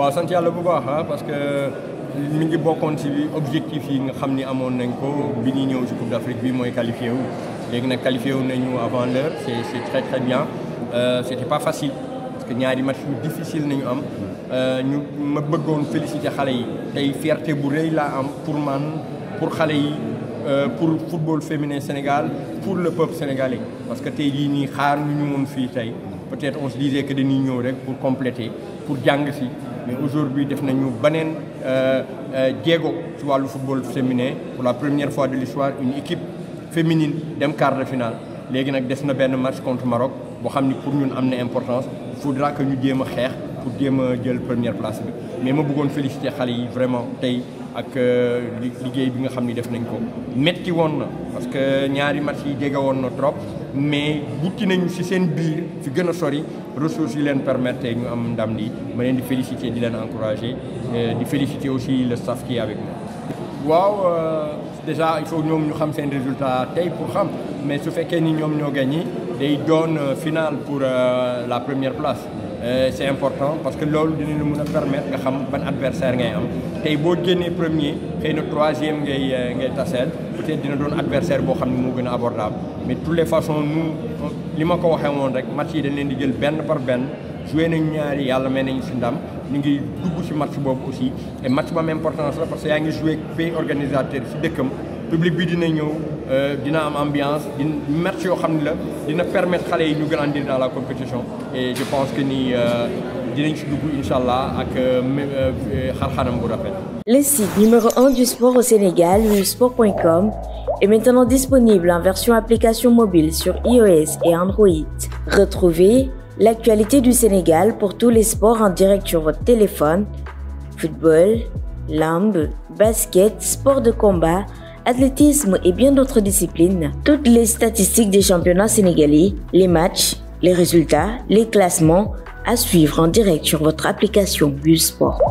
waaw sant yàlla bu ah, parce que mi ngi bokkoon ci objectif yi nga xam ni amoon ko bi Coupe d'Afrique bi mooy qualifié wu. léegi nag avant l'heure c'est c'est très très bien euh, c'était pas facile parce que ñaari match yu difficile nañu am euh, ñu ma bëggoon féliciter xale yi une fierté bu am pour man pour xale yi. Euh, pour football féminin Sénégal pour le peuple sénégalais parce que nous avons nii xaar ñu ñu peut-être on se disait que dañuy ñëw rek pour compléter pour gagner. si mais aujourd'hui def nañu beneen euh, euh, jéego ci wàllu football féminin pour la première fois de l'histoire une équipe féminine dem quart de finale léegi nag des benn match contre Maroc boo xam pour ñun am importance il faudra que ñu jéem a pour jéem a jël première place mais ma bëggoon féliciter xale vraiment tey ak euh, liggéey bi nga xam def nañ ko metti woon parce que ñaari match yi jege woon trop mais si nous ci fi gëna ressources yi leen permettre ñu am ndam ma di féliciter di leen encourager euh, di féliciter aussi le staff qui est avec nous. waaw euh, déjà il faut que nous xam un résultat pour xam mais ce fait que nous avons gagné day doon euh, finale pour la première place. Euh, c'est important parce que lolu dina la mën permettre nga xam ban adversaire ngay am tay bo génnee premier xëy na troisième ngay euh, ngay tassel peut-être dina doon adversaire bo xam mo gëna abordable mais toutes les façons nous li ma ko waxee woon rek match yi dañ leen di jël ben par ben jouer nañ ñaari yalla may nañu ci ndam ñu ngi dugg ci match boobu aussi et match ba même importance la parce que ya ngi jouer pays organisateur ci dëkkam public bi dina ñëw euh, dina am ambiance dina match yo xamni la dina permettre xalé yi ñu grandir dans la compétition et je pense que ni euh, dinañ ci dugg inshallah, allah ak euh, xar-xaram bu rafet. Le site numéro 1 du sport au Sénégal, sport.com, est maintenant disponible en version application mobile sur iOS et Android. Retrouvez l'actualité du Sénégal pour tous les sports en direct sur votre téléphone, football, lambe, basket, sport de combat, athlétisme et bien d'autres disciplines, toutes les statistiques des championnats sénégalais, les matchs, les résultats, les classements à suivre en direct sur votre application Sport.